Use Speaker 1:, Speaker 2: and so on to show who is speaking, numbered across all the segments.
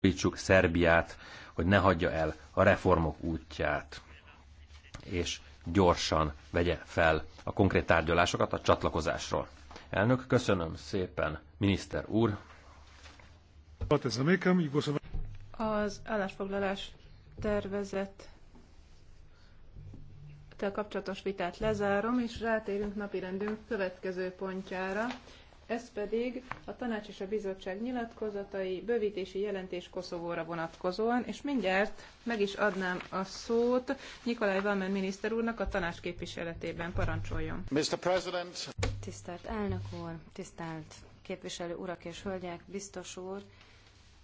Speaker 1: Szólítsuk Szerbiát, hogy ne hagyja el a reformok útját, és gyorsan vegye fel a konkrét tárgyalásokat a csatlakozásról. Elnök, köszönöm szépen, miniszter úr.
Speaker 2: Az állásfoglalás tervezett kapcsolatos vitát lezárom, és rátérünk napirendünk következő pontjára. Ez pedig a tanács és a bizottság nyilatkozatai, bővítési jelentés Koszovóra vonatkozóan, és mindjárt meg is adnám a szót Nikolaj Valmen
Speaker 3: miniszter úrnak a tanács képviseletében. Parancsoljon!
Speaker 4: Mr. President.
Speaker 3: Tisztelt elnök úr, tisztelt képviselő urak és hölgyek, biztos úr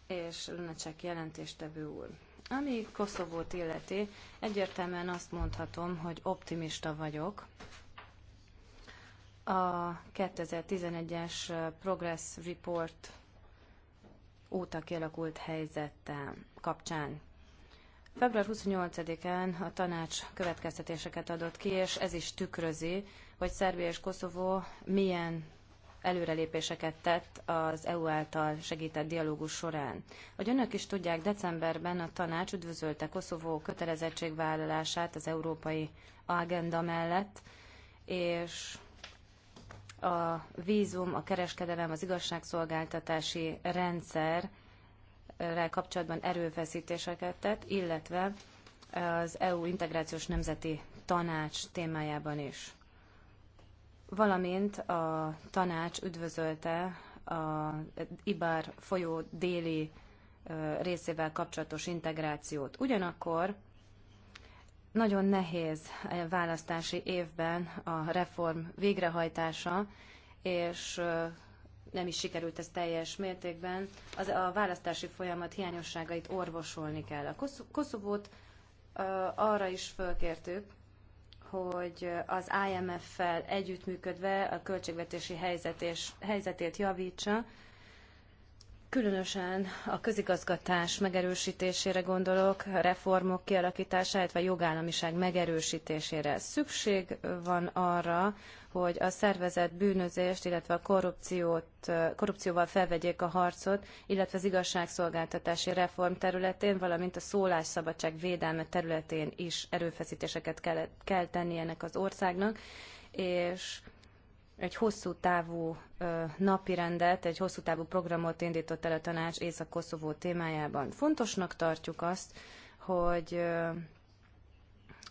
Speaker 3: és Lunacek jelentéstevő úr. Ami Koszovót illeti, egyértelműen azt mondhatom, hogy optimista vagyok, a 2011-es Progress Report óta kialakult helyzettel kapcsán. Február 28-án a tanács következtetéseket adott ki, és ez is tükrözi, hogy Szerbia és Koszovó milyen előrelépéseket tett az EU által segített dialógus során. Hogy önök is tudják, decemberben a tanács üdvözölte Koszovó kötelezettségvállalását az európai agenda mellett, és a vízum, a kereskedelem, az igazságszolgáltatási rendszer kapcsolatban erőfeszítéseket tett, illetve az EU integrációs nemzeti tanács témájában is. Valamint a tanács üdvözölte a Ibar folyó déli részével kapcsolatos integrációt. Ugyanakkor nagyon nehéz eh, választási évben a reform végrehajtása, és nem is sikerült ez teljes mértékben. Az, a választási folyamat hiányosságait orvosolni kell. A Koszovót arra is fölkértük, hogy az IMF-fel együttműködve a költségvetési helyzet és, helyzetét javítsa, Különösen a közigazgatás megerősítésére gondolok, reformok kialakításáért vagy jogállamiság megerősítésére. Szükség van arra, hogy a szervezet bűnözést, illetve a korrupciót, korrupcióval felvegyék a harcot, illetve az igazságszolgáltatási reform területén, valamint a szólásszabadság védelme területén is erőfeszítéseket kell, kell tenni ennek az országnak, és egy hosszú távú napirendet, egy hosszú távú programot indított el a tanács Észak-Koszovó témájában. Fontosnak tartjuk azt, hogy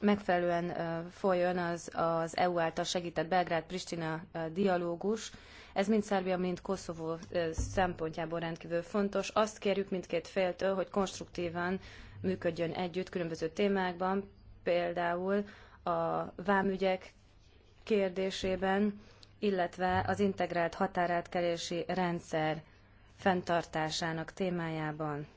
Speaker 3: megfelelően folyjon az, az EU által segített Belgrád-Pristina dialógus. Ez mind Szerbia, mind Koszovó szempontjából rendkívül fontos. Azt kérjük mindkét féltől, hogy konstruktívan működjön együtt különböző témákban, például a vámügyek kérdésében, illetve az integrált határátkelési rendszer fenntartásának témájában.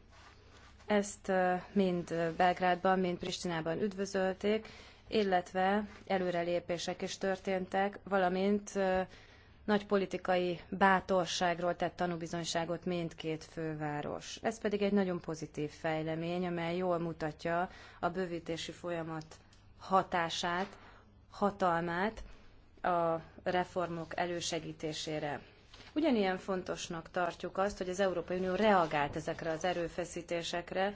Speaker 3: Ezt mind Belgrádban, mind Pristinában üdvözölték, illetve előrelépések is történtek, valamint nagy politikai bátorságról tett tanúbizonyságot mindkét főváros. Ez pedig egy nagyon pozitív fejlemény, amely jól mutatja a bővítési folyamat hatását, hatalmát, a reformok elősegítésére. Ugyanilyen fontosnak tartjuk azt, hogy az Európai Unió reagált ezekre az erőfeszítésekre.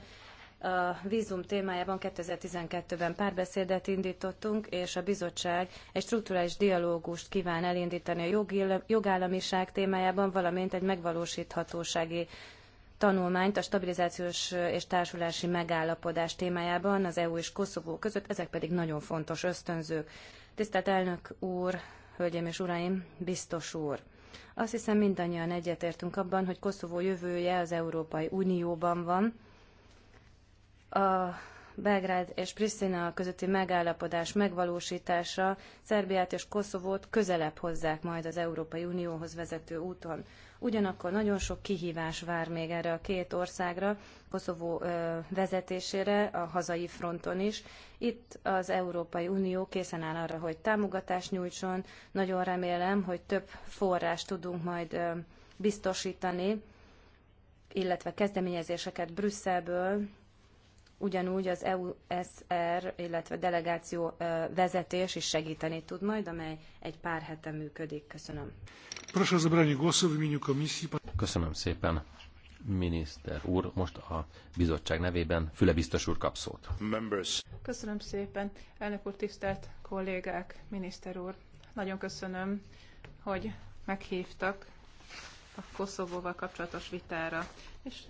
Speaker 3: A vízum témájában 2012-ben párbeszédet indítottunk, és a bizottság egy strukturális dialógust kíván elindítani a jogi, jogállamiság témájában, valamint egy megvalósíthatósági tanulmányt a stabilizációs és társulási megállapodás témájában az EU és Koszovó között, ezek pedig nagyon fontos ösztönzők. Tisztelt elnök úr, hölgyeim és uraim, biztos úr! Azt hiszem mindannyian egyetértünk abban, hogy Koszovó jövője az Európai Unióban van. A Belgrád és Pristina közötti megállapodás megvalósítása Szerbiát és Koszovót közelebb hozzák majd az Európai Unióhoz vezető úton. Ugyanakkor nagyon sok kihívás vár még erre a két országra, Koszovó vezetésére, a hazai fronton is. Itt az Európai Unió készen áll arra, hogy támogatást nyújtson. Nagyon remélem, hogy több forrást tudunk majd biztosítani, illetve kezdeményezéseket Brüsszelből ugyanúgy az EUSR, illetve delegáció vezetés is segíteni tud majd, amely egy pár hete működik. Köszönöm.
Speaker 1: Köszönöm szépen, miniszter úr. Most a bizottság nevében Füle biztos úr kap szót. Members.
Speaker 2: Köszönöm szépen, elnök úr, tisztelt kollégák, miniszter úr. Nagyon köszönöm, hogy meghívtak a Koszovóval kapcsolatos vitára. És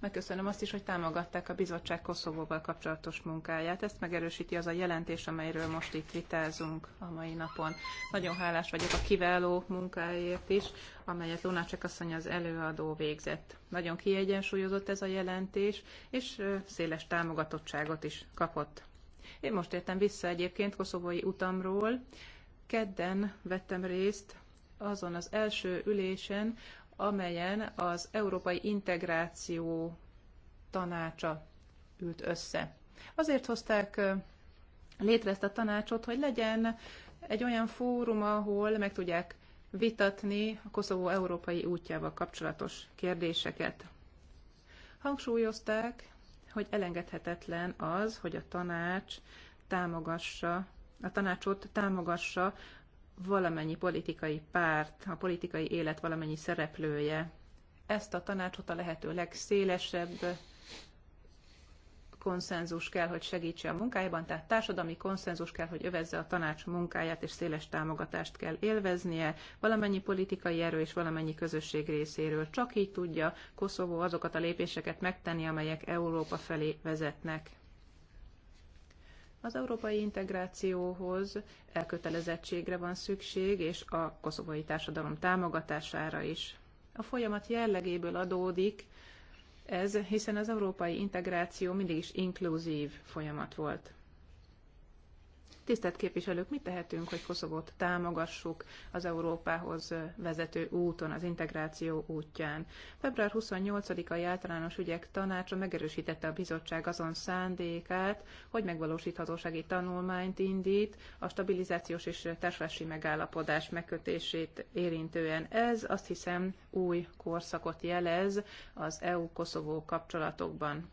Speaker 2: Megköszönöm azt is, hogy támogatták a bizottság Koszovóval kapcsolatos munkáját. Ezt megerősíti az a jelentés, amelyről most itt vitázunk a mai napon. Nagyon hálás vagyok a kiváló munkáért is, amelyet Lunácsek asszony az előadó végzett. Nagyon kiegyensúlyozott ez a jelentés, és széles támogatottságot is kapott. Én most értem vissza egyébként koszovói utamról. Kedden vettem részt azon az első ülésen, amelyen az Európai Integráció Tanácsa ült össze. Azért hozták létre ezt a tanácsot, hogy legyen egy olyan fórum, ahol meg tudják vitatni a Koszovó európai útjával kapcsolatos kérdéseket. Hangsúlyozták, hogy elengedhetetlen az, hogy a tanács támogassa, a tanácsot támogassa valamennyi politikai párt, a politikai élet valamennyi szereplője ezt a tanácsot a lehető legszélesebb konszenzus kell, hogy segítse a munkájában, tehát társadalmi konszenzus kell, hogy övezze a tanács munkáját, és széles támogatást kell élveznie, valamennyi politikai erő és valamennyi közösség részéről. Csak így tudja Koszovó azokat a lépéseket megtenni, amelyek Európa felé vezetnek. Az európai integrációhoz elkötelezettségre van szükség, és a koszovai társadalom támogatására is. A folyamat jellegéből adódik ez, hiszen az európai integráció mindig is inkluzív folyamat volt. Tisztelt képviselők, mit tehetünk, hogy Koszovót támogassuk az Európához vezető úton, az integráció útján? Február 28-ai általános ügyek tanácsa megerősítette a bizottság azon szándékát, hogy megvalósíthatósági tanulmányt indít a stabilizációs és társadalmi megállapodás megkötését érintően. Ez azt hiszem új korszakot jelez az EU-Koszovó kapcsolatokban.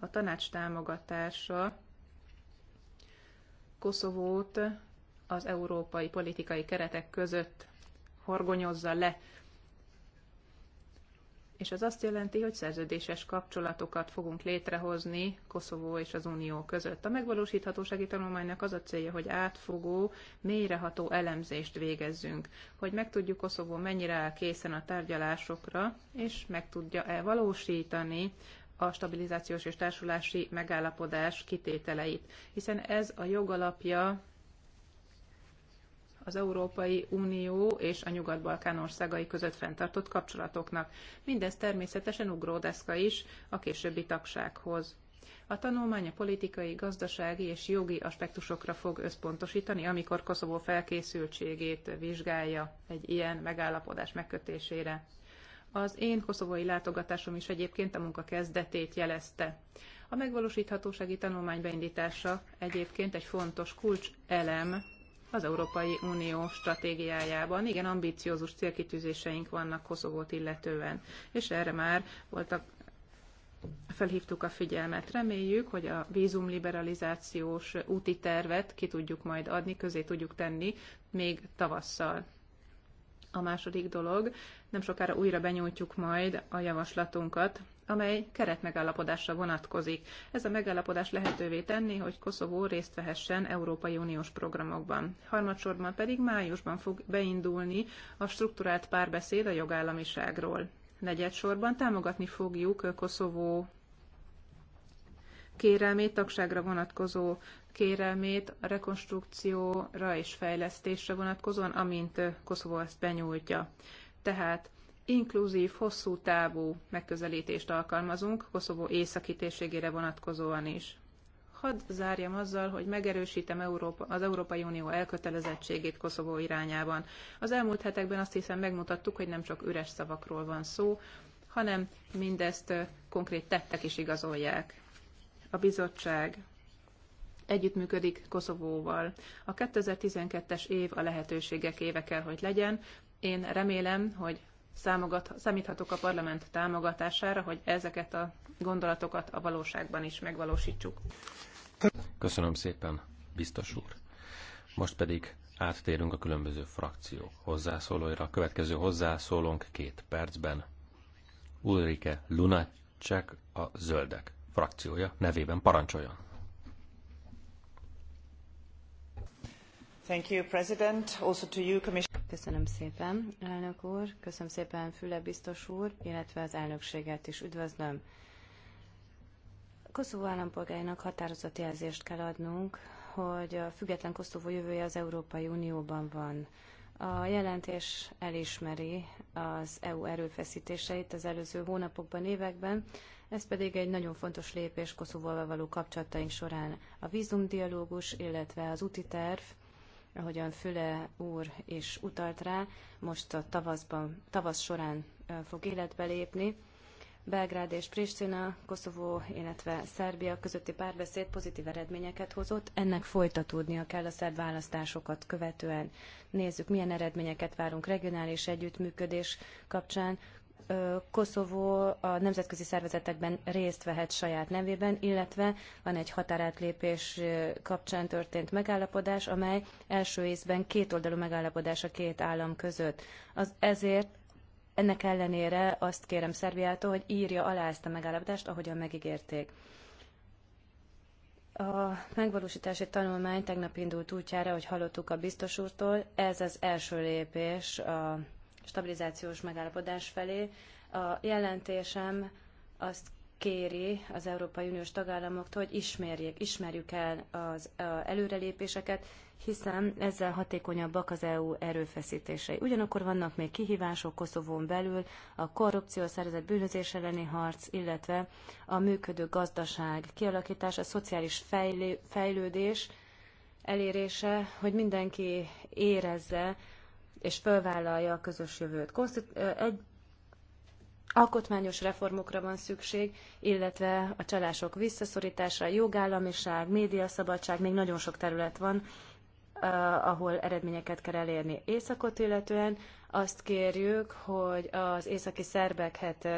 Speaker 2: A tanács támogatása Koszovót az európai politikai keretek között horgonyozza le. És ez azt jelenti, hogy szerződéses kapcsolatokat fogunk létrehozni Koszovó és az Unió között. A megvalósíthatósági tanulmánynak az a célja, hogy átfogó, mélyreható elemzést végezzünk, hogy megtudjuk Koszovó mennyire áll készen a tárgyalásokra, és meg tudja-e valósítani a stabilizációs és társulási megállapodás kitételeit, hiszen ez a jogalapja az Európai Unió és a Nyugat-Balkán országai között fenntartott kapcsolatoknak. Mindez természetesen ugródeszka is a későbbi tagsághoz. A tanulmány a politikai, gazdasági és jogi aspektusokra fog összpontosítani, amikor Koszovó felkészültségét vizsgálja egy ilyen megállapodás megkötésére. Az én koszovói látogatásom is egyébként a munka kezdetét jelezte. A megvalósíthatósági tanulmány beindítása egyébként egy fontos kulcselem az Európai Unió stratégiájában. Igen, ambiciózus célkitűzéseink vannak Koszovót illetően, és erre már voltak felhívtuk a figyelmet. Reméljük, hogy a vízumliberalizációs úti tervet ki tudjuk majd adni, közé tudjuk tenni még tavasszal. A második dolog, nem sokára újra benyújtjuk majd a javaslatunkat, amely keretmegállapodásra vonatkozik. Ez a megállapodás lehetővé tenni, hogy Koszovó részt vehessen Európai Uniós programokban. Harmadsorban pedig májusban fog beindulni a strukturált párbeszéd a jogállamiságról. Negyedsorban támogatni fogjuk Koszovó kérelmét, tagságra vonatkozó kérelmét a rekonstrukcióra és fejlesztésre vonatkozóan, amint Koszovó ezt benyújtja. Tehát inkluzív, hosszú távú megközelítést alkalmazunk Koszovó északi térségére vonatkozóan is. Hadd zárjam azzal, hogy megerősítem Európa, az Európai Unió elkötelezettségét Koszovó irányában. Az elmúlt hetekben azt hiszem megmutattuk, hogy nem csak üres szavakról van szó, hanem mindezt konkrét tettek is igazolják a bizottság együttműködik Koszovóval. A 2012-es év a lehetőségek éve kell, hogy legyen. Én remélem, hogy számogat, számíthatok a parlament támogatására, hogy ezeket a gondolatokat a valóságban is megvalósítsuk.
Speaker 1: Köszönöm szépen, biztos úr. Most pedig áttérünk a különböző frakciók hozzászólóira. A következő hozzászólónk két percben. Ulrike Lunacek a Zöldek frakciója nevében parancsoljon.
Speaker 3: Thank you, President. Also to you, Köszönöm szépen, elnök úr, köszönöm szépen Füle biztos úr, illetve az elnökséget is üdvözlöm. Koszovó állampolgárainak határozott jelzést kell adnunk, hogy a független Koszovó jövője az Európai Unióban van. A jelentés elismeri az EU erőfeszítéseit az előző hónapokban, években, ez pedig egy nagyon fontos lépés Koszovóval való kapcsolataink során. A vízumdialógus, illetve az úti terv, ahogyan Füle úr is utalt rá, most a tavaszban, tavasz során fog életbe lépni. Belgrád és Pristina, Koszovó, illetve Szerbia közötti párbeszéd pozitív eredményeket hozott. Ennek folytatódnia kell a szerb választásokat követően. Nézzük, milyen eredményeket várunk regionális együttműködés kapcsán. Koszovó a nemzetközi szervezetekben részt vehet saját nevében, illetve van egy határátlépés kapcsán történt megállapodás, amely első észben kétoldalú megállapodás a két állam között. Az ezért ennek ellenére azt kérem Szerbiától, hogy írja alá ezt a megállapodást, ahogyan megígérték. A megvalósítási tanulmány tegnap indult útjára, hogy hallottuk a biztos úrtól. Ez az első lépés a stabilizációs megállapodás felé. A jelentésem azt kéri az Európai Uniós tagállamoktól, hogy ismerjék, ismerjük el az előrelépéseket, hiszen ezzel hatékonyabbak az EU erőfeszítései. Ugyanakkor vannak még kihívások Koszovón belül, a korrupció, a szervezett bűnözés elleni harc, illetve a működő gazdaság kialakítása, a szociális fejlődés elérése, hogy mindenki érezze és fölvállalja a közös jövőt. egy Alkotmányos reformokra van szükség, illetve a csalások visszaszorítása, jogállamiság, médiaszabadság, még nagyon sok terület van, ahol eredményeket kell elérni északot illetően. Azt kérjük, hogy az északi szerbeket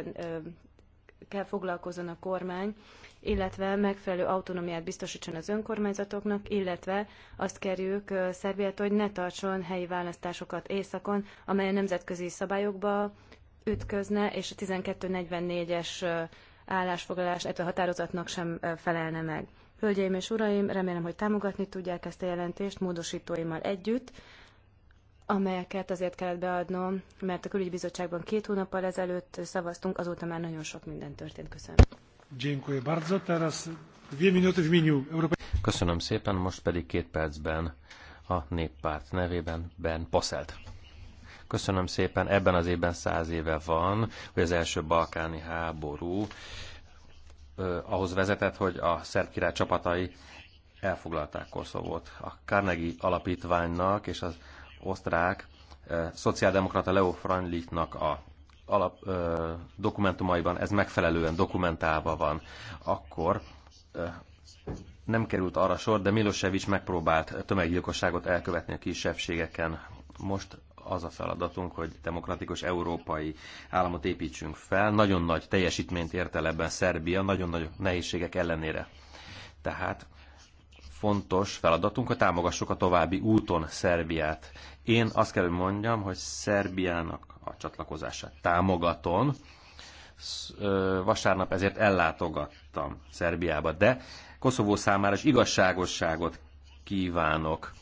Speaker 3: kell foglalkozzon a kormány, illetve megfelelő autonómiát biztosítson az önkormányzatoknak, illetve azt kerjük Szerbiát, hogy ne tartson helyi választásokat északon, amely a nemzetközi szabályokba ütközne, és a 1244-es állásfoglalás, illetve határozatnak sem felelne meg. Hölgyeim és uraim, remélem, hogy támogatni tudják ezt a jelentést módosítóimmal együtt, amelyeket azért kellett beadnom, mert a bizottságban két hónappal ezelőtt szavaztunk, azóta már nagyon sok minden történt.
Speaker 1: Köszönöm. Köszönöm szépen, most pedig két percben a néppárt nevében Ben Poszelt. Köszönöm szépen, ebben az évben száz éve van, hogy az első balkáni háború ahhoz vezetett, hogy a szerb király csapatai elfoglalták Koszovót. A Carnegie alapítványnak és az osztrák szociáldemokrata Leo Franlitnak a alap, ö, dokumentumaiban ez megfelelően dokumentálva van, akkor ö, nem került arra sor, de Milosevic megpróbált tömeggyilkosságot elkövetni a kisebbségeken. Most az a feladatunk, hogy demokratikus európai államot építsünk fel. Nagyon nagy teljesítményt ért el ebben Szerbia, nagyon nagy nehézségek ellenére. Tehát fontos feladatunk, hogy támogassuk a további úton Szerbiát. Én azt kell, hogy mondjam, hogy Szerbiának a csatlakozását támogatom. Vasárnap ezért ellátogattam Szerbiába, de Koszovó számára is igazságosságot kívánok.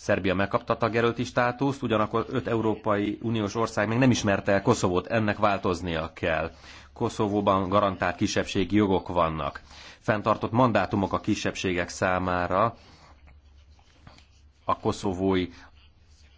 Speaker 1: Szerbia megkapta a tagjelölti státuszt, ugyanakkor öt Európai Uniós ország még nem ismerte el Koszovót, ennek változnia kell. Koszovóban garantált kisebbségi jogok vannak. Fentartott mandátumok a kisebbségek számára a koszovói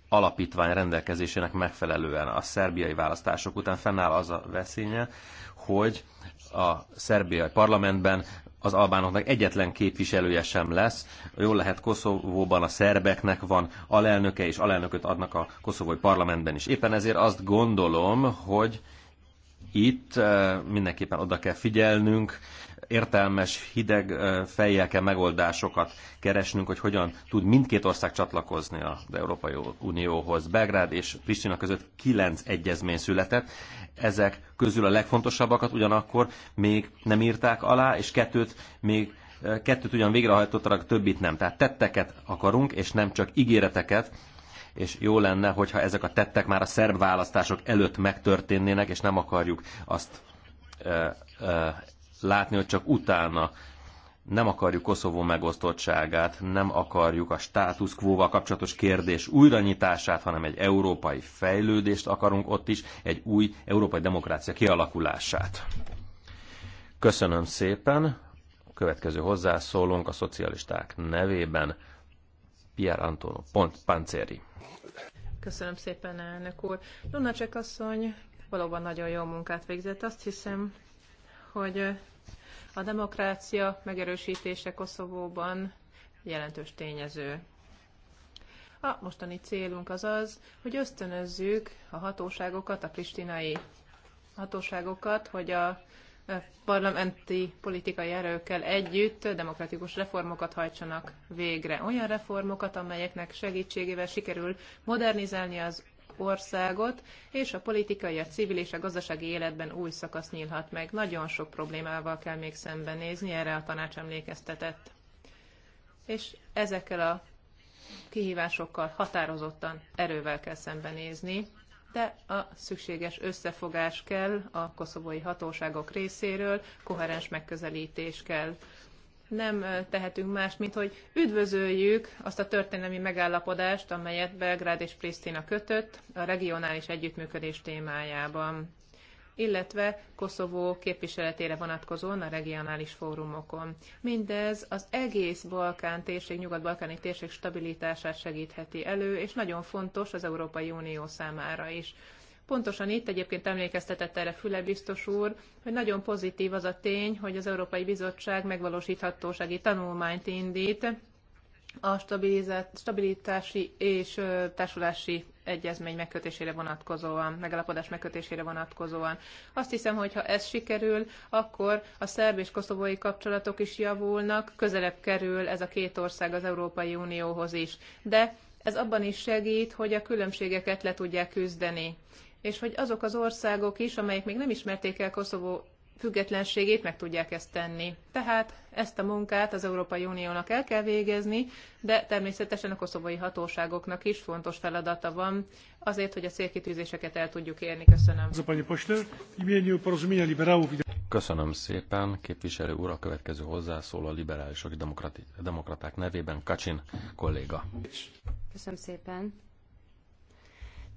Speaker 1: alapítvány rendelkezésének megfelelően a szerbiai választások után fennáll az a veszélye, hogy a szerbiai parlamentben az albánoknak egyetlen képviselője sem lesz. Jól lehet Koszovóban a szerbeknek van alelnöke, és alelnököt adnak a koszovói parlamentben is. Éppen ezért azt gondolom, hogy itt eh, mindenképpen oda kell figyelnünk értelmes, hideg fejjel kell megoldásokat keresnünk, hogy hogyan tud mindkét ország csatlakozni az Európai Unióhoz. Belgrád és Pristina között kilenc egyezmény született. Ezek közül a legfontosabbakat ugyanakkor még nem írták alá, és kettőt még kettőt ugyan végrehajtottak, többit nem. Tehát tetteket akarunk, és nem csak ígéreteket, és jó lenne, hogyha ezek a tettek már a szerb választások előtt megtörténnének, és nem akarjuk azt látni, hogy csak utána nem akarjuk Koszovó megosztottságát, nem akarjuk a status quo kapcsolatos kérdés újranyitását, hanem egy európai fejlődést akarunk ott is, egy új európai demokrácia kialakulását. Köszönöm szépen. A következő hozzászólónk a szocialisták nevében, Pierre Antonio Pont Pancéri.
Speaker 2: Köszönöm szépen, elnök úr. Lunacek asszony valóban nagyon jó munkát végzett. Azt hiszem, hogy a demokrácia megerősítése Koszovóban jelentős tényező. A mostani célunk az az, hogy ösztönözzük a hatóságokat, a pristinai hatóságokat, hogy a parlamenti politikai erőkkel együtt demokratikus reformokat hajtsanak végre. Olyan reformokat, amelyeknek segítségével sikerül modernizálni az országot, és a politikai, a civil és a gazdasági életben új szakasz nyílhat meg. Nagyon sok problémával kell még szembenézni, erre a tanács emlékeztetett. És ezekkel a kihívásokkal határozottan erővel kell szembenézni, de a szükséges összefogás kell a koszovói hatóságok részéről, koherens megközelítés kell nem tehetünk más, mint hogy üdvözöljük azt a történelmi megállapodást, amelyet Belgrád és Pristina kötött a regionális együttműködés témájában illetve Koszovó képviseletére vonatkozóan a regionális fórumokon. Mindez az egész Balkán térség, nyugat-balkáni térség stabilitását segítheti elő, és nagyon fontos az Európai Unió számára is. Pontosan itt egyébként emlékeztetett erre Füle biztos úr, hogy nagyon pozitív az a tény, hogy az Európai Bizottság megvalósíthatósági tanulmányt indít a stabilitási és társulási egyezmény megkötésére vonatkozóan, megalapodás megkötésére vonatkozóan. Azt hiszem, hogy ha ez sikerül, akkor a szerb és koszovói kapcsolatok is javulnak, közelebb kerül ez a két ország az Európai Unióhoz is. De ez abban is segít, hogy a különbségeket le tudják küzdeni és hogy azok az országok is, amelyek még nem ismerték el Koszovó függetlenségét meg tudják ezt tenni. Tehát ezt a munkát az Európai Uniónak el kell végezni, de természetesen a koszovai hatóságoknak is fontos feladata van azért, hogy a célkitűzéseket el tudjuk érni. Köszönöm.
Speaker 1: Köszönöm szépen. Képviselő úr, a következő hozzászól a liberálisok demokraták nevében Kacsin kolléga.
Speaker 3: Köszönöm szépen.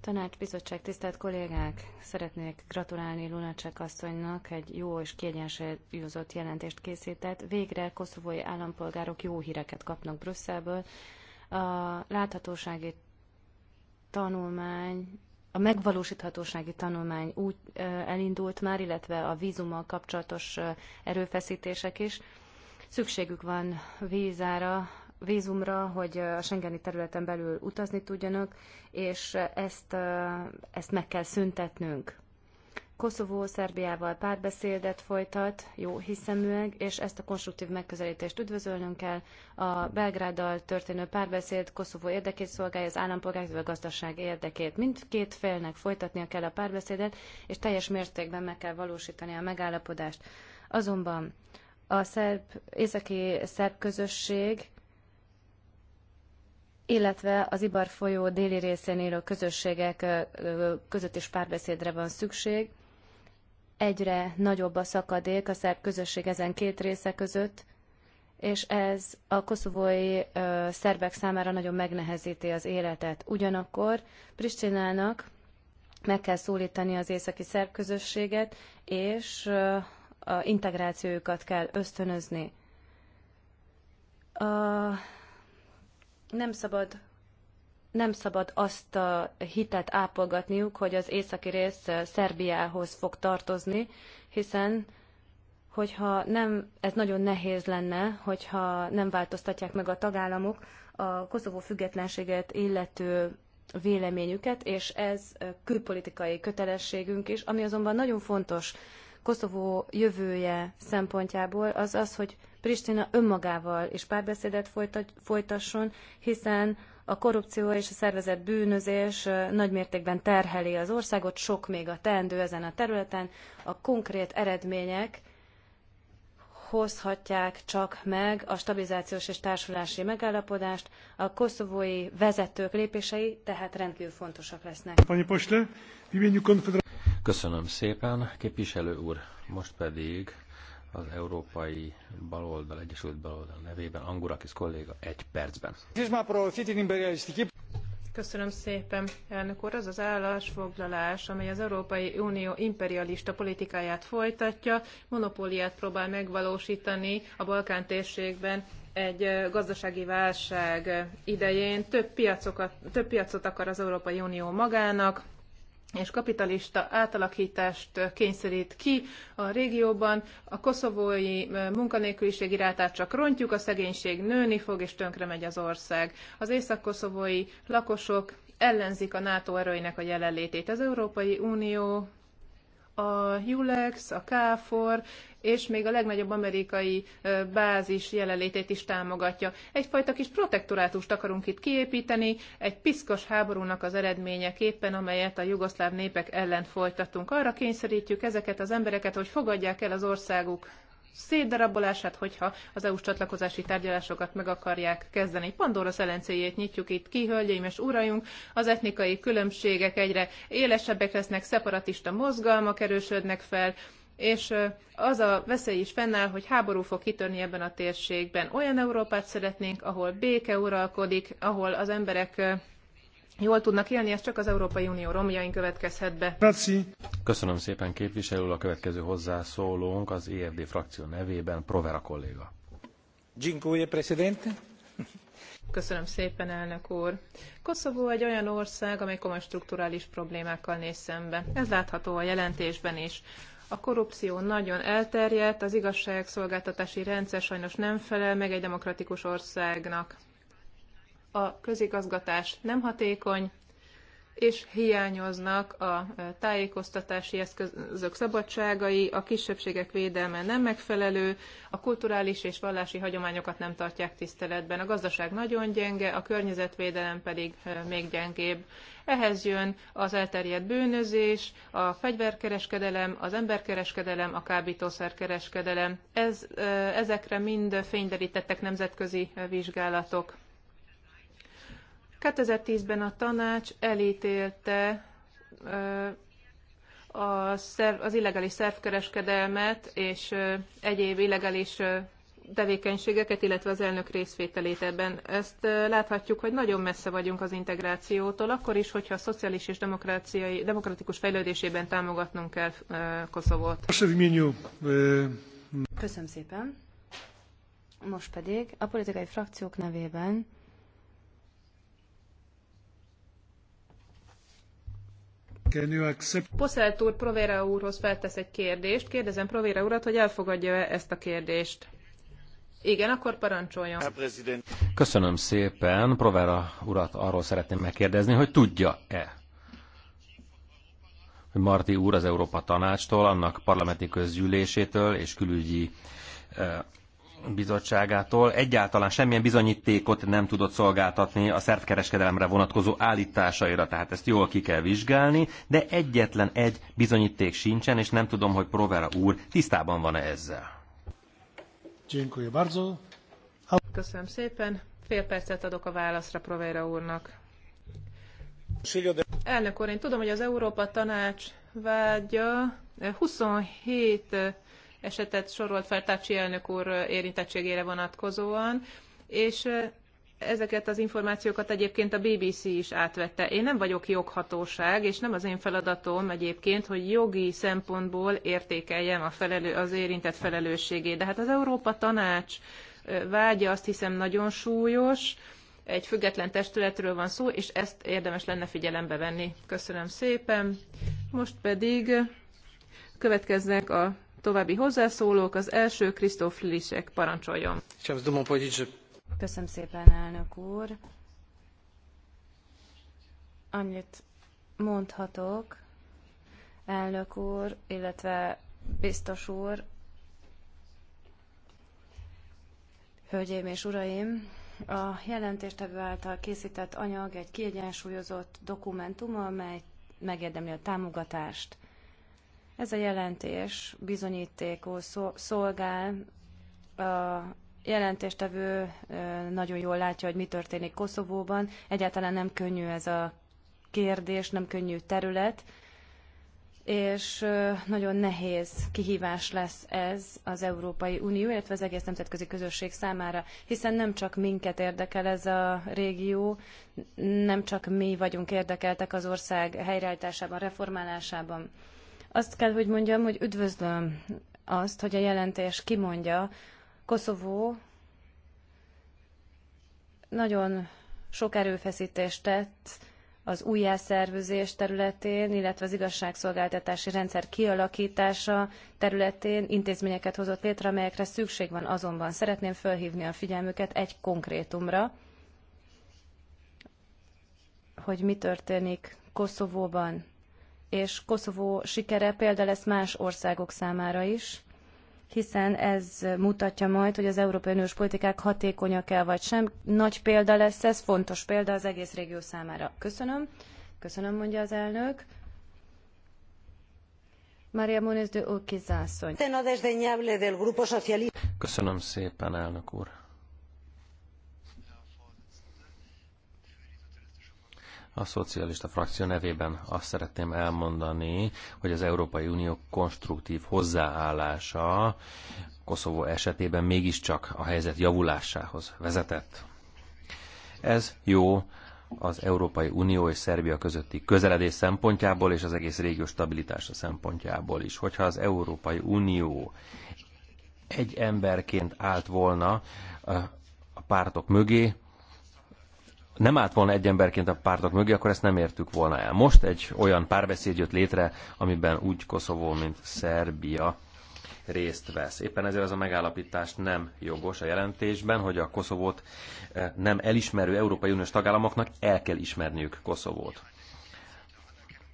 Speaker 3: Tanácsbizottság, tisztelt kollégák! Szeretnék gratulálni Lunacek asszonynak, egy jó és kiegyensúlyozott jelentést készített. Végre koszovói állampolgárok jó híreket kapnak Brüsszelből. A láthatósági tanulmány, a megvalósíthatósági tanulmány úgy elindult már, illetve a vízummal kapcsolatos erőfeszítések is. Szükségük van vízára vízumra, hogy a Schengeni területen belül utazni tudjanak, és ezt, ezt meg kell szüntetnünk. Koszovó Szerbiával párbeszédet folytat, jó hiszeműleg, és ezt a konstruktív megközelítést üdvözölnünk kell. A Belgráddal történő párbeszéd Koszovó érdekét szolgálja, az állampolgár a gazdaság érdekét. Mindkét félnek folytatnia kell a párbeszédet, és teljes mértékben meg kell valósítani a megállapodást. Azonban a szerb, északi szerb közösség illetve az Ibar folyó déli részén élő közösségek között is párbeszédre van szükség. Egyre nagyobb a szakadék a szerb közösség ezen két része között, és ez a koszovói ö, szerbek számára nagyon megnehezíti az életet. Ugyanakkor Pristinának meg kell szólítani az északi szerb közösséget, és ö, a integrációjukat kell ösztönözni. A nem szabad nem szabad azt a hitet ápolgatniuk, hogy az északi rész eh, Szerbiához fog tartozni, hiszen hogyha nem, ez nagyon nehéz lenne, hogyha nem változtatják meg a tagállamok a Koszovó függetlenséget illető véleményüket, és ez eh, külpolitikai kötelességünk is, ami azonban nagyon fontos Koszovó jövője szempontjából, az az, hogy Pristina önmagával is párbeszédet folytasson, hiszen a korrupció és a szervezett bűnözés nagymértékben terheli az országot, sok még a teendő ezen a területen. A konkrét eredmények hozhatják csak meg a stabilizációs és társulási megállapodást, a koszovói vezetők lépései tehát rendkívül fontosak lesznek.
Speaker 1: Köszönöm szépen, képviselő úr. Most pedig az Európai Baloldal, Egyesült Baloldal nevében, Angurakis kolléga egy percben.
Speaker 2: Köszönöm szépen, elnök úr. Az az állásfoglalás, amely az Európai Unió imperialista politikáját folytatja, monopóliát próbál megvalósítani a Balkán térségben egy gazdasági válság idején. Több, piacokat, több piacot akar az Európai Unió magának, és kapitalista átalakítást kényszerít ki a régióban. A koszovói munkanélküliségi irátát csak rontjuk, a szegénység nőni fog, és tönkre megy az ország. Az észak-koszovói lakosok ellenzik a NATO erőinek a jelenlétét. Az Európai Unió a Hulex, a KFOR, és még a legnagyobb amerikai bázis jelenlétét is támogatja. Egyfajta kis protektorátust akarunk itt kiépíteni, egy piszkos háborúnak az eredményeképpen, amelyet a jugoszláv népek ellen folytatunk Arra kényszerítjük ezeket az embereket, hogy fogadják el az országuk szétdarabolását, hogyha az EU-s csatlakozási tárgyalásokat meg akarják kezdeni. Pandora szelencéjét nyitjuk itt ki, hölgyeim és uraink, az etnikai különbségek egyre élesebbek lesznek, szeparatista mozgalmak erősödnek fel, és az a veszély is fennáll, hogy háború fog kitörni ebben a térségben. Olyan Európát szeretnénk, ahol béke uralkodik, ahol az emberek jól tudnak élni, ez csak az Európai Unió romjain következhet be.
Speaker 1: Köszönöm szépen képviselő, a következő hozzászólónk az EFD frakció nevében, Provera kolléga. Dziękuję, presidente.
Speaker 2: Köszönöm szépen, elnök úr. Koszovó egy olyan ország, amely komoly strukturális problémákkal néz szembe. Ez látható a jelentésben is. A korrupció nagyon elterjedt, az igazságszolgáltatási rendszer sajnos nem felel meg egy demokratikus országnak a közigazgatás nem hatékony, és hiányoznak a e, tájékoztatási eszközök szabadságai, a kisebbségek védelme nem megfelelő, a kulturális és vallási hagyományokat nem tartják tiszteletben, a gazdaság nagyon gyenge, a környezetvédelem pedig e, még gyengébb. Ehhez jön az elterjedt bűnözés, a fegyverkereskedelem, az emberkereskedelem, a kábítószerkereskedelem. Ez, e, ezekre mind fényderítettek nemzetközi vizsgálatok. 2010-ben a tanács elítélte a szerv, az illegális szervkereskedelmet és egyéb illegális tevékenységeket, illetve az elnök részvételét ebben. Ezt láthatjuk, hogy nagyon messze vagyunk az integrációtól, akkor is, hogyha a szociális és demokráciai, demokratikus fejlődésében támogatnunk kell Koszovót. Köszönöm szépen.
Speaker 3: Most pedig a politikai frakciók nevében
Speaker 2: Poszelt úr Provera úrhoz feltesz egy kérdést. Kérdezem Provera urat, hogy elfogadja-e ezt a kérdést. Igen, akkor parancsoljon.
Speaker 1: Köszönöm szépen. Provera urat arról szeretném megkérdezni, hogy tudja-e, hogy Marti úr az Európa Tanácstól, annak parlamenti közgyűlésétől és külügyi eh, bizottságától egyáltalán semmilyen bizonyítékot nem tudott szolgáltatni a szervkereskedelemre vonatkozó állításaira, tehát ezt jól ki kell vizsgálni, de egyetlen egy bizonyíték sincsen, és nem tudom, hogy Provera úr tisztában van-e ezzel.
Speaker 2: Köszönöm szépen. Fél percet adok a válaszra Provera úrnak. Elnök úr, én tudom, hogy az Európa Tanács vágya 27 eh, esetet sorolt fel Tácsi elnök úr érintettségére vonatkozóan, és ezeket az információkat egyébként a BBC is átvette. Én nem vagyok joghatóság, és nem az én feladatom egyébként, hogy jogi szempontból értékeljem a felelő, az érintett felelősségét. De hát az Európa Tanács vágya azt hiszem nagyon súlyos, egy független testületről van szó, és ezt érdemes lenne figyelembe venni. Köszönöm szépen. Most pedig következnek a további hozzászólók. Az első Krisztóf
Speaker 3: Lisek parancsoljon. Köszönöm szépen, elnök úr. Annyit mondhatok, elnök úr, illetve biztos úr, hölgyeim és uraim, a jelentéstevő által készített anyag egy kiegyensúlyozott dokumentum, amely megérdemli a támogatást. Ez a jelentés bizonyítékul szolgál a jelentéstevő nagyon jól látja, hogy mi történik Koszovóban. Egyáltalán nem könnyű ez a kérdés, nem könnyű terület, és nagyon nehéz kihívás lesz ez az Európai Unió, illetve az egész nemzetközi közösség számára, hiszen nem csak minket érdekel ez a régió, nem csak mi vagyunk érdekeltek az ország helyreállításában, reformálásában. Azt kell, hogy mondjam, hogy üdvözlöm azt, hogy a jelentés kimondja, Koszovó nagyon sok erőfeszítést tett az újjászervezés területén, illetve az igazságszolgáltatási rendszer kialakítása területén intézményeket hozott létre, amelyekre szükség van azonban. Szeretném felhívni a figyelmüket egy konkrétumra, hogy mi történik Koszovóban és Koszovó sikere példa lesz más országok számára is, hiszen ez mutatja majd, hogy az Európai Uniós politikák hatékonyak-e vagy sem. Nagy példa lesz ez, fontos példa az egész régió számára. Köszönöm. Köszönöm, mondja az elnök. Maria Moniz de Okizászony.
Speaker 1: Köszönöm szépen, elnök úr. A szocialista frakció nevében azt szeretném elmondani, hogy az Európai Unió konstruktív hozzáállása Koszovó esetében mégiscsak a helyzet javulásához vezetett. Ez jó az Európai Unió és Szerbia közötti közeledés szempontjából és az egész régió stabilitása szempontjából is. Hogyha az Európai Unió egy emberként állt volna a pártok mögé, nem állt volna egy emberként a pártok mögé, akkor ezt nem értük volna el. Most egy olyan párbeszéd jött létre, amiben úgy Koszovó, mint Szerbia részt vesz. Éppen ezért az a megállapítás nem jogos a jelentésben, hogy a Koszovót eh, nem elismerő Európai Uniós tagállamoknak el kell ismerniük Koszovót.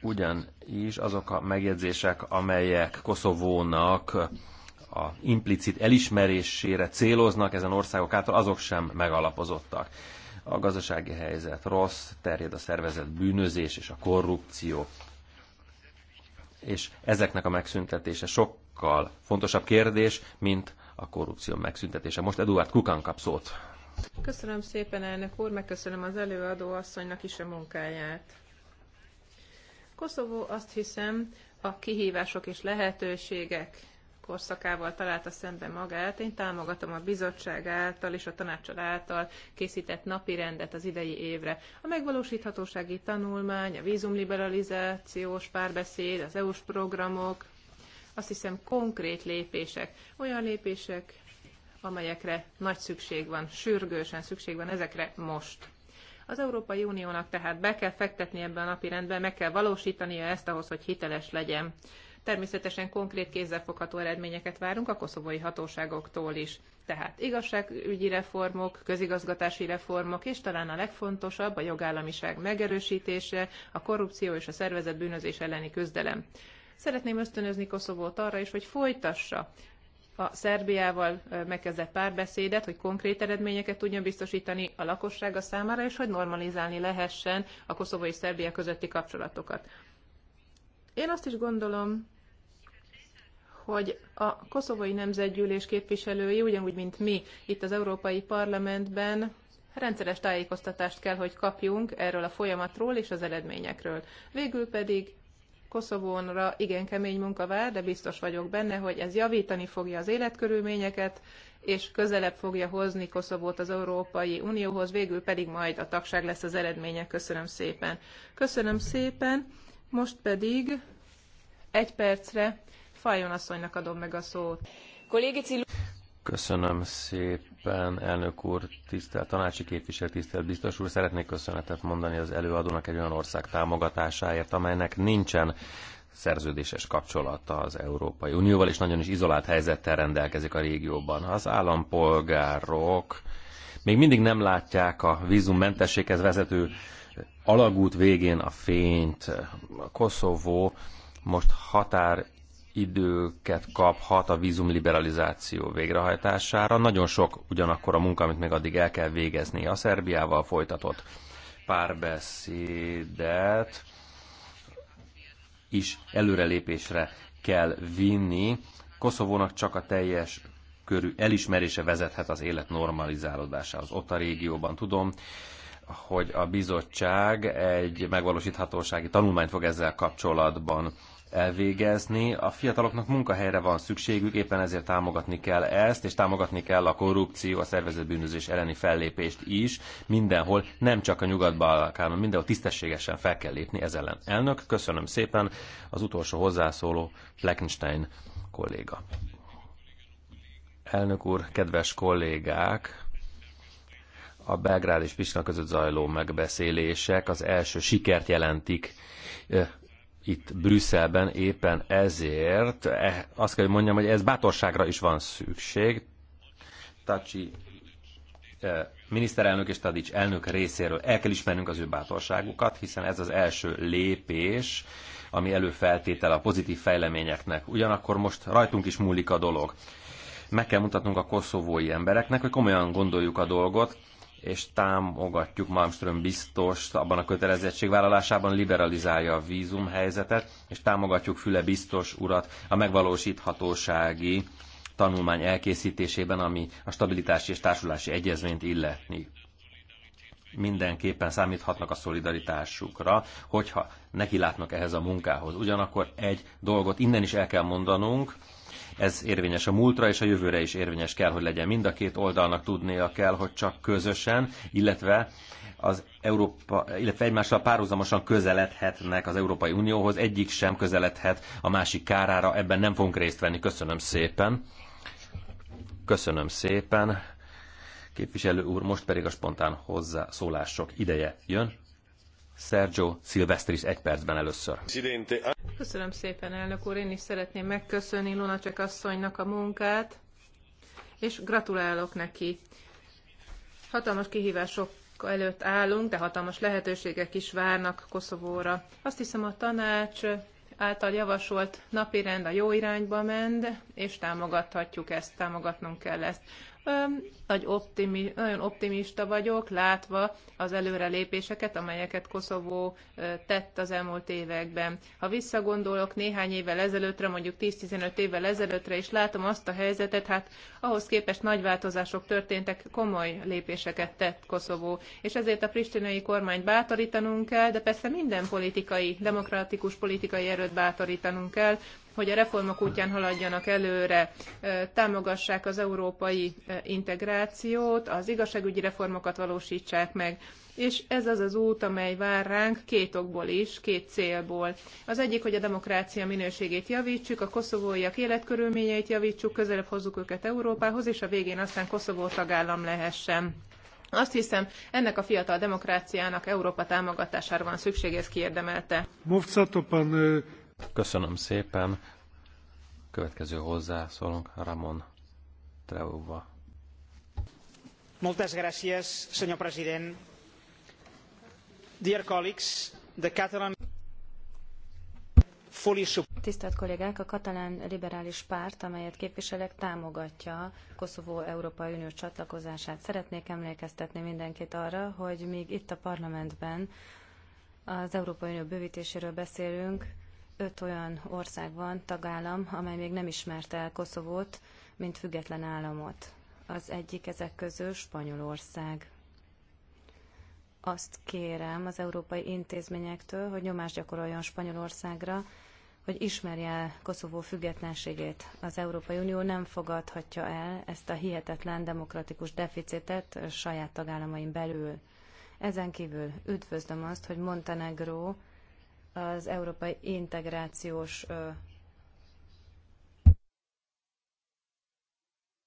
Speaker 1: Ugyanis azok a megjegyzések, amelyek Koszovónak a implicit elismerésére céloznak ezen országok által, azok sem megalapozottak a gazdasági helyzet rossz, terjed a szervezet bűnözés és a korrupció. És ezeknek a megszüntetése sokkal fontosabb kérdés, mint a korrupció megszüntetése. Most Eduard Kukan kap szót.
Speaker 2: Köszönöm szépen, elnök úr, megköszönöm az előadó asszonynak is a munkáját. Koszovó azt hiszem a kihívások és lehetőségek korszakával találta szembe magát. Én támogatom a bizottság által és a tanácsal által készített napi rendet az idei évre. A megvalósíthatósági tanulmány, a vízumliberalizációs párbeszéd, az EU-s programok, azt hiszem konkrét lépések, olyan lépések, amelyekre nagy szükség van, sürgősen szükség van ezekre most. Az Európai Uniónak tehát be kell fektetni ebbe a napi rendbe, meg kell valósítania ezt ahhoz, hogy hiteles legyen. Természetesen konkrét kézzelfogható eredményeket várunk a koszovói hatóságoktól is. Tehát igazságügyi reformok, közigazgatási reformok, és talán a legfontosabb a jogállamiság megerősítése, a korrupció és a szervezett bűnözés elleni küzdelem. Szeretném ösztönözni Koszovót arra is, hogy folytassa a Szerbiával megkezdett párbeszédet, hogy konkrét eredményeket tudjon biztosítani a lakossága számára, és hogy normalizálni lehessen a koszovói Szerbia közötti kapcsolatokat. Én azt is gondolom, hogy a koszovói nemzetgyűlés képviselői, ugyanúgy, mint mi itt az Európai Parlamentben, rendszeres tájékoztatást kell, hogy kapjunk erről a folyamatról és az eredményekről. Végül pedig Koszovónra igen kemény munka vár, de biztos vagyok benne, hogy ez javítani fogja az életkörülményeket, és közelebb fogja hozni Koszovót az Európai Unióhoz, végül pedig majd a tagság lesz az eredménye. Köszönöm szépen. Köszönöm szépen. Most pedig egy percre Fajon asszonynak adom meg a szót.
Speaker 1: Köszönöm szépen, elnök úr, tisztelt tanácsi képviselő, tisztelt biztos úr. Szeretnék köszönetet mondani az előadónak egy olyan ország támogatásáért, amelynek nincsen szerződéses kapcsolata az Európai Unióval, és nagyon is izolált helyzettel rendelkezik a régióban. Az állampolgárok még mindig nem látják a vízummentességhez vezető alagút végén a fényt. A Koszovó most határ időket kaphat a vízumliberalizáció végrehajtására. Nagyon sok ugyanakkor a munka, amit még addig el kell végezni. A Szerbiával folytatott párbeszédet is előrelépésre kell vinni. Koszovónak csak a teljes körű elismerése vezethet az élet normalizálódásához. Ott a régióban tudom, hogy a bizottság egy megvalósíthatósági tanulmányt fog ezzel kapcsolatban elvégezni. A fiataloknak munkahelyre van szükségük, éppen ezért támogatni kell ezt, és támogatni kell a korrupció, a szervezett bűnözés elleni fellépést is mindenhol, nem csak a Nyugat-Balkánon, mindenhol tisztességesen fel kell lépni ez ellen. Elnök, köszönöm szépen, az utolsó hozzászóló Fleckenstein kolléga. Elnök úr, kedves kollégák, a Belgrád és Pisna között zajló megbeszélések az első sikert jelentik eh, itt Brüsszelben éppen ezért, eh, azt kell, hogy mondjam, hogy ez bátorságra is van szükség. Tacsi eh, miniszterelnök és Tadics elnök részéről el kell ismernünk az ő bátorságukat, hiszen ez az első lépés, ami előfeltétel a pozitív fejleményeknek. Ugyanakkor most rajtunk is múlik a dolog. Meg kell mutatnunk a koszovói embereknek, hogy komolyan gondoljuk a dolgot, és támogatjuk Malmström biztost abban a kötelezettségvállalásában, liberalizálja a vízum helyzetet, és támogatjuk Füle biztos urat a megvalósíthatósági tanulmány elkészítésében, ami a stabilitási és társulási egyezményt illetni. Mindenképpen számíthatnak a szolidaritásukra, hogyha nekilátnak ehhez a munkához. Ugyanakkor egy dolgot innen is el kell mondanunk, ez érvényes a múltra és a jövőre is érvényes kell, hogy legyen. Mind a két oldalnak tudnia kell, hogy csak közösen, illetve az Európa, illetve egymással párhuzamosan közeledhetnek az Európai Unióhoz, egyik sem közeledhet a másik kárára, ebben nem fogunk részt venni. Köszönöm szépen. Köszönöm szépen. Képviselő úr, most pedig a spontán hozzászólások ideje jön. Sergio Szilveszter is egy percben először.
Speaker 2: Köszönöm szépen, elnök úr. Én is szeretném megköszönni Lunacek asszonynak a munkát, és gratulálok neki. Hatalmas kihívások előtt állunk, de hatalmas lehetőségek is várnak Koszovóra. Azt hiszem a tanács által javasolt napirend a jó irányba ment, és támogathatjuk ezt, támogatnunk kell ezt nagy optimi, nagyon optimista vagyok, látva az előrelépéseket, amelyeket Koszovó tett az elmúlt években. Ha visszagondolok néhány évvel ezelőttre, mondjuk 10-15 évvel ezelőttre, és látom azt a helyzetet, hát ahhoz képest nagy változások történtek, komoly lépéseket tett Koszovó. És ezért a pristinai kormányt bátorítanunk kell, de persze minden politikai, demokratikus politikai erőt bátorítanunk kell, hogy a reformok útján haladjanak előre, támogassák az európai integrációt, az igazságügyi reformokat valósítsák meg. És ez az az út, amely vár ránk két okból is, két célból. Az egyik, hogy a demokrácia minőségét javítsuk, a koszovóiak életkörülményeit javítsuk, közelebb hozzuk őket Európához, és a végén aztán Koszovó tagállam lehessen. Azt hiszem, ennek a fiatal demokráciának Európa támogatására van szükség, ez kiérdemelte.
Speaker 1: pan e, Köszönöm szépen. Következő hozzászólunk Ramon Treuva.
Speaker 4: Moltes Gràcies, señor president. Dear colleagues, the Catalan
Speaker 3: Tisztelt kollégák, a katalán liberális párt, amelyet képviselek, támogatja Koszovó Európai Unió csatlakozását. Szeretnék emlékeztetni mindenkit arra, hogy még itt a parlamentben az Európai Unió bővítéséről beszélünk, öt olyan ország van, tagállam, amely még nem ismerte el Koszovót, mint független államot. Az egyik ezek közül Spanyolország. Azt kérem az európai intézményektől, hogy nyomást gyakoroljon Spanyolországra, hogy ismerje el Koszovó függetlenségét. Az Európai Unió nem fogadhatja el ezt a hihetetlen demokratikus deficitet saját tagállamain belül. Ezen kívül üdvözlöm azt, hogy Montenegró az európai integrációs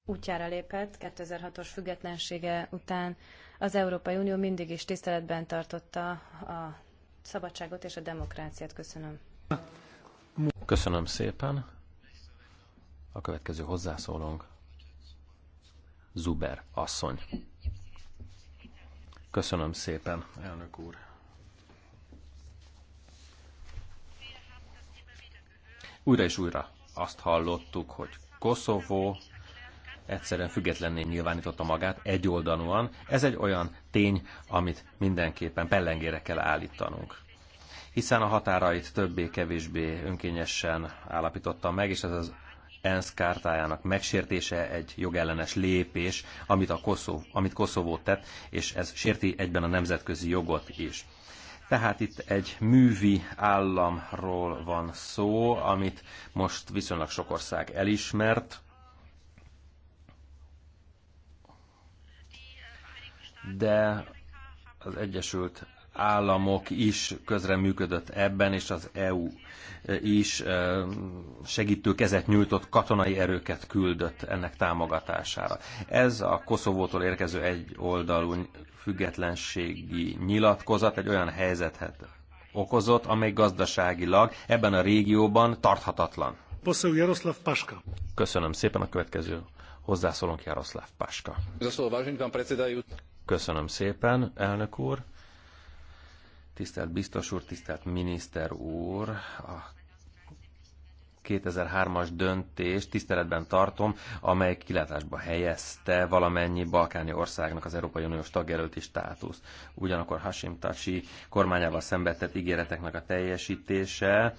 Speaker 3: útjára lépett 2006-os függetlensége után. Az Európai Unió mindig is tiszteletben tartotta a szabadságot és a demokráciát. Köszönöm.
Speaker 1: Köszönöm szépen. A következő hozzászólónk Zuber asszony. Köszönöm szépen, elnök úr. Újra és újra azt hallottuk, hogy Koszovó egyszerűen függetlenné nyilvánította magát egyoldalúan. Ez egy olyan tény, amit mindenképpen pellengére kell állítanunk hiszen a határait többé-kevésbé önkényesen állapította meg, és ez az ENSZ kártájának megsértése egy jogellenes lépés, amit, a Koszov, amit Koszovó tett, és ez sérti egyben a nemzetközi jogot is. Tehát itt egy művi államról van szó, amit most viszonylag sok ország elismert. De az Egyesült államok is közreműködött ebben, és az EU e, is e, segítő kezet nyújtott, katonai erőket küldött ennek támogatására. Ez a Koszovótól érkező egy oldalú függetlenségi nyilatkozat egy olyan helyzetet okozott, amely gazdaságilag ebben a régióban tarthatatlan.
Speaker 4: Jaroszláv Paska.
Speaker 1: Köszönöm szépen a következő hozzászólónk Jaroszláv Paska. Köszönöm szépen, elnök úr. Tisztelt biztos úr, tisztelt miniszter úr, a 2003-as döntést tiszteletben tartom, amely kilátásba helyezte valamennyi balkáni országnak az Európai Uniós tagjelölti státusz. Ugyanakkor Hashim Tachi kormányával szembetett ígéreteknek a teljesítése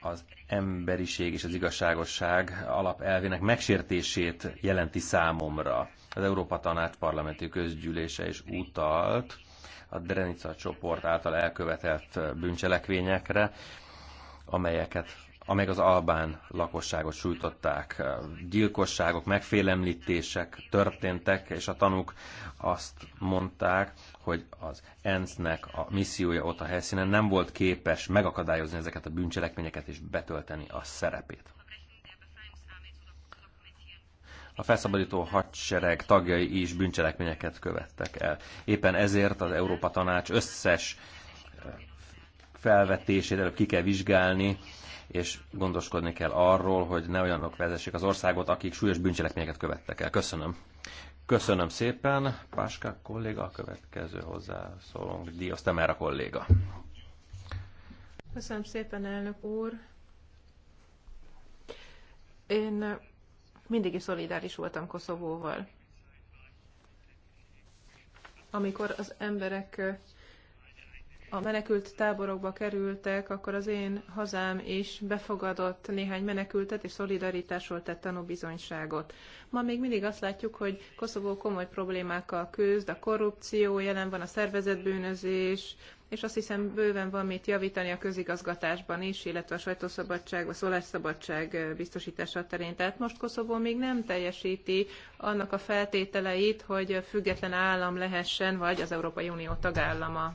Speaker 1: az emberiség és az igazságosság alapelvének megsértését jelenti számomra. Az Európa Tanács parlamenti közgyűlése is utalt a Drenica csoport által elkövetett bűncselekvényekre, amelyeket amelyek az albán lakosságot sújtották. Gyilkosságok, megfélemlítések történtek, és a tanúk azt mondták, hogy az ENSZ-nek a missziója ott a helyszínen nem volt képes megakadályozni ezeket a bűncselekményeket és betölteni a szerepét a felszabadító hadsereg tagjai is bűncselekményeket követtek el. Éppen ezért az Európa Tanács összes felvetését előbb ki kell vizsgálni, és gondoskodni kell arról, hogy ne olyanok vezessék az országot, akik súlyos bűncselekményeket követtek el. Köszönöm. Köszönöm szépen. Páska kolléga, a következő hozzászólónk, Diaz Temera kolléga.
Speaker 2: Köszönöm szépen, elnök úr. Én mindig is szolidáris voltam Koszovóval. Amikor az emberek a menekült táborokba kerültek, akkor az én hazám is befogadott néhány menekültet és szolidaritásról tett tanúbizonyságot. Ma még mindig azt látjuk, hogy Koszovó komoly problémákkal küzd, a korrupció, jelen van a szervezetbűnözés, és azt hiszem bőven van mit javítani a közigazgatásban is, illetve a sajtószabadság, a szólásszabadság biztosítása terén. Tehát most Koszovó még nem teljesíti annak a feltételeit, hogy független állam lehessen, vagy az Európai Unió tagállama.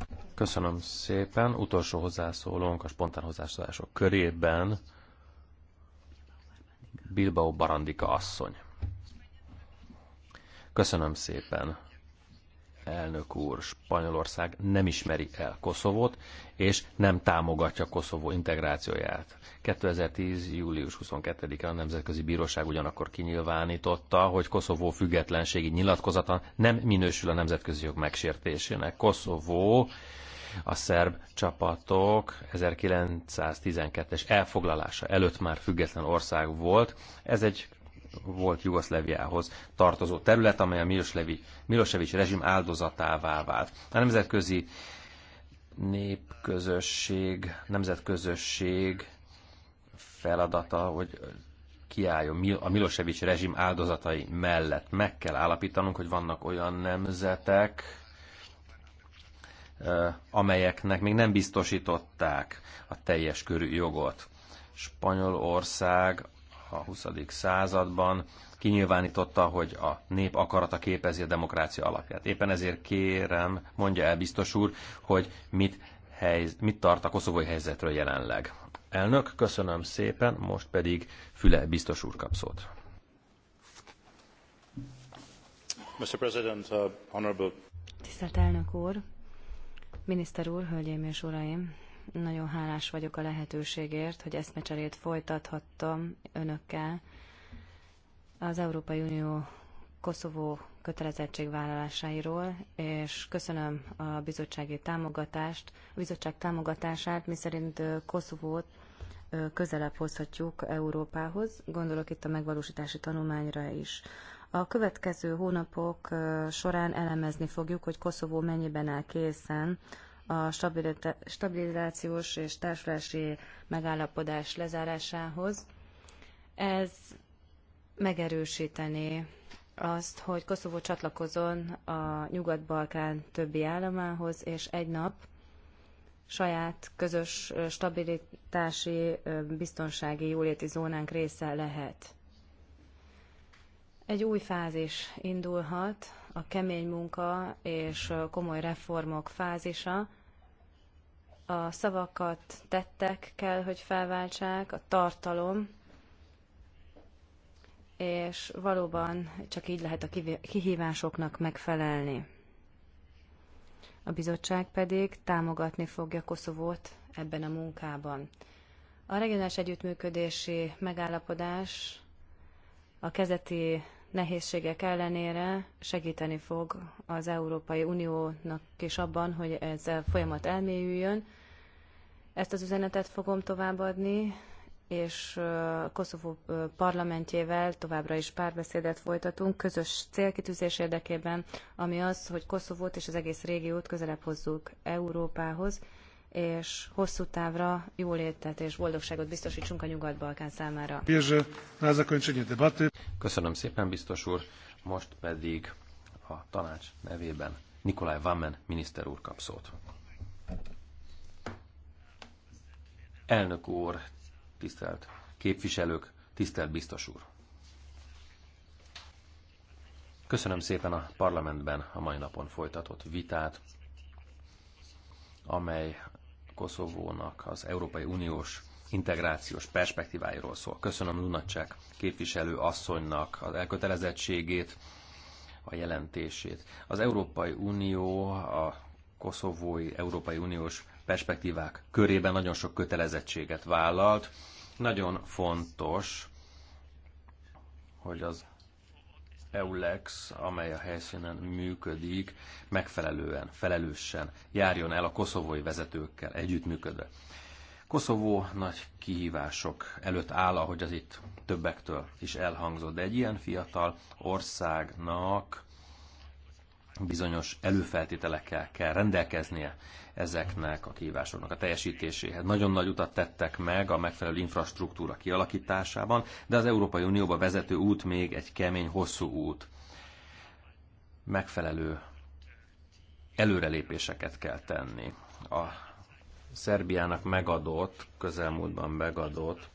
Speaker 1: Köszönöm szépen. Utolsó hozzászólónk a spontán hozzászólások körében. Bilbao Barandika asszony. Köszönöm szépen, elnök úr. Spanyolország nem ismeri el Koszovót, és nem támogatja Koszovó integrációját. 2010. július 22 én a Nemzetközi Bíróság ugyanakkor kinyilvánította, hogy Koszovó függetlenségi nyilatkozata nem minősül a nemzetközi jog megsértésének. Koszovó a szerb csapatok 1912-es elfoglalása előtt már független ország volt. Ez egy volt Jugoszláviához tartozó terület, amely a Milosevic rezsim áldozatává vált. A nemzetközi népközösség, nemzetközösség feladata, hogy kiálljon a Milosevic rezsim áldozatai mellett. Meg kell állapítanunk, hogy vannak olyan nemzetek, Eh, amelyeknek még nem biztosították a teljes körű jogot. Spanyolország a 20. században kinyilvánította, hogy a nép akarata képezi a demokrácia alapját. Éppen ezért kérem, mondja el biztos úr, hogy mit, helyz, mit tart a koszovói helyzetről jelenleg. Elnök, köszönöm szépen, most pedig Füle biztos úr kap szót.
Speaker 2: Mr. President, uh, honorable.
Speaker 3: Tisztelt elnök úr, Miniszter úr, hölgyeim és uraim, nagyon hálás vagyok a lehetőségért, hogy eszmecserét folytathattam önökkel az Európai Unió Koszovó kötelezettségvállalásairól, és köszönöm a bizottsági támogatást, a bizottság támogatását, miszerint Koszovót közelebb hozhatjuk Európához. Gondolok itt a megvalósítási tanulmányra is. A következő hónapok során elemezni fogjuk, hogy Koszovó mennyiben áll készen a stabilizációs és társulási megállapodás lezárásához. Ez megerősítené azt, hogy Koszovó csatlakozon a Nyugat-Balkán többi államához, és egy nap saját közös stabilitási, biztonsági, jóléti zónánk része lehet. Egy új fázis indulhat, a kemény munka és komoly reformok fázisa. A szavakat tettek kell, hogy felváltsák, a tartalom, és valóban csak így lehet a kihívásoknak megfelelni a bizottság pedig támogatni fogja Koszovót ebben a munkában. A regionális együttműködési megállapodás a kezdeti nehézségek ellenére segíteni fog az Európai Uniónak is abban, hogy ez a folyamat elmélyüljön. Ezt az üzenetet fogom továbbadni, és Koszovó parlamentjével továbbra is párbeszédet folytatunk közös célkitűzés érdekében, ami az, hogy Koszovót és az egész régiót közelebb hozzuk Európához, és hosszú távra jólétet és boldogságot biztosítsunk a Nyugat-Balkán számára.
Speaker 1: Köszönöm szépen, biztos úr. Most pedig a tanács nevében Nikolaj Vammen miniszter úr kap szót. Elnök úr, tisztelt képviselők, tisztelt biztos úr! Köszönöm szépen a parlamentben a mai napon folytatott vitát, amely Koszovónak az Európai Uniós integrációs perspektíváiról szól. Köszönöm Lunacsek képviselő asszonynak az elkötelezettségét, a jelentését. Az Európai Unió a koszovói Európai Uniós perspektívák körében nagyon sok kötelezettséget vállalt. Nagyon fontos, hogy az EULEX, amely a helyszínen működik, megfelelően, felelősen járjon el a koszovói vezetőkkel együttműködve. Koszovó nagy kihívások előtt áll, ahogy az itt többektől is elhangzott, de egy ilyen fiatal országnak bizonyos előfeltételekkel kell rendelkeznie ezeknek a kihívásoknak a teljesítéséhez. Nagyon nagy utat tettek meg a megfelelő infrastruktúra kialakításában, de az Európai Unióba vezető út még egy kemény, hosszú út. Megfelelő előrelépéseket kell tenni. A Szerbiának megadott, közelmúltban megadott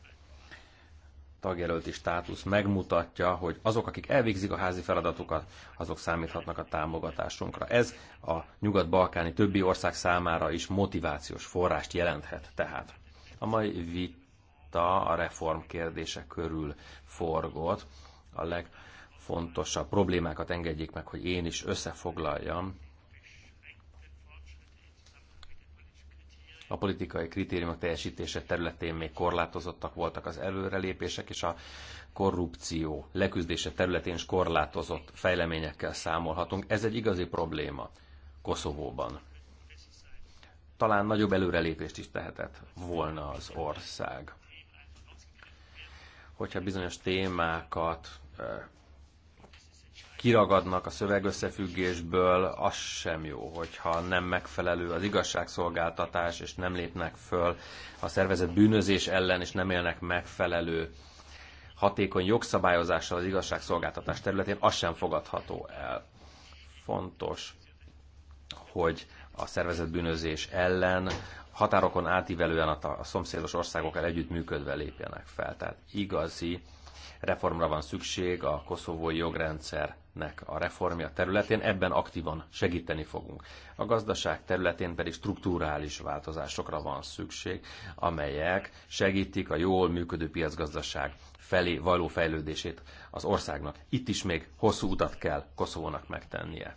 Speaker 1: tagjelölti státusz megmutatja, hogy azok, akik elvégzik a házi feladatukat, azok számíthatnak a támogatásunkra. Ez a nyugat-balkáni többi ország számára is motivációs forrást jelenthet tehát. A mai vita a reform kérdése körül forgott. A legfontosabb problémákat engedjék meg, hogy én is összefoglaljam a politikai kritériumok teljesítése területén még korlátozottak voltak az előrelépések, és a korrupció leküzdése területén is korlátozott fejleményekkel számolhatunk. Ez egy igazi probléma Koszovóban. Talán nagyobb előrelépést is tehetett volna az ország. Hogyha bizonyos témákat eh, kiragadnak a szövegösszefüggésből, az sem jó, hogyha nem megfelelő az igazságszolgáltatás, és nem lépnek föl a szervezet bűnözés ellen, és nem élnek megfelelő hatékony jogszabályozással az igazságszolgáltatás területén, az sem fogadható el. Fontos, hogy a szervezet bűnözés ellen határokon átívelően a, a szomszédos országokkal együttműködve lépjenek fel. Tehát igazi reformra van szükség a koszovói jogrendszernek a reformja területén, ebben aktívan segíteni fogunk. A gazdaság területén pedig strukturális változásokra van szükség, amelyek segítik a jól működő piacgazdaság felé való fejlődését az országnak. Itt is még hosszú utat kell Koszovónak megtennie.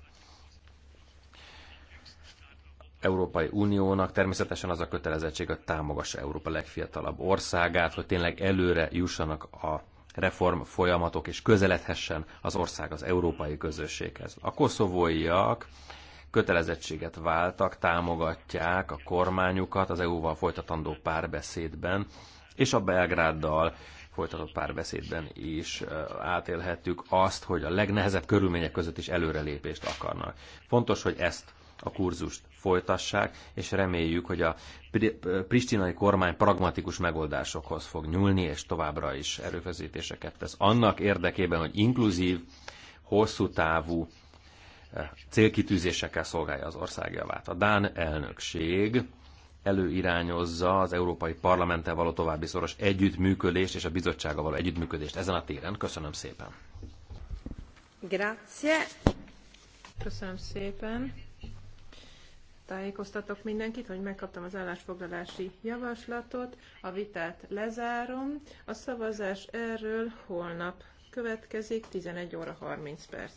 Speaker 1: Európai Uniónak természetesen az a kötelezettség, hogy támogassa Európa legfiatalabb országát, hogy tényleg előre jussanak a reform folyamatok, és közeledhessen az ország az európai közösséghez. A koszovóiak kötelezettséget váltak, támogatják a kormányukat az EU-val folytatandó párbeszédben, és a Belgráddal folytatott párbeszédben is átélhettük azt, hogy a legnehezebb körülmények között is előrelépést akarnak. Fontos, hogy ezt a kurzust folytassák, és reméljük, hogy a pristinai kormány pragmatikus megoldásokhoz fog nyúlni, és továbbra is erőfeszítéseket tesz. Annak érdekében, hogy inkluzív, hosszú távú eh, célkitűzésekkel szolgálja az ország javát. A Dán elnökség előirányozza az Európai Parlamenttel való további szoros együttműködést és a bizottsága való együttműködést ezen a téren. Köszönöm szépen!
Speaker 2: Grazie! Köszönöm szépen! tájékoztatok mindenkit, hogy megkaptam az állásfoglalási javaslatot, a vitát lezárom. A szavazás erről holnap következik 11 óra 30 perc.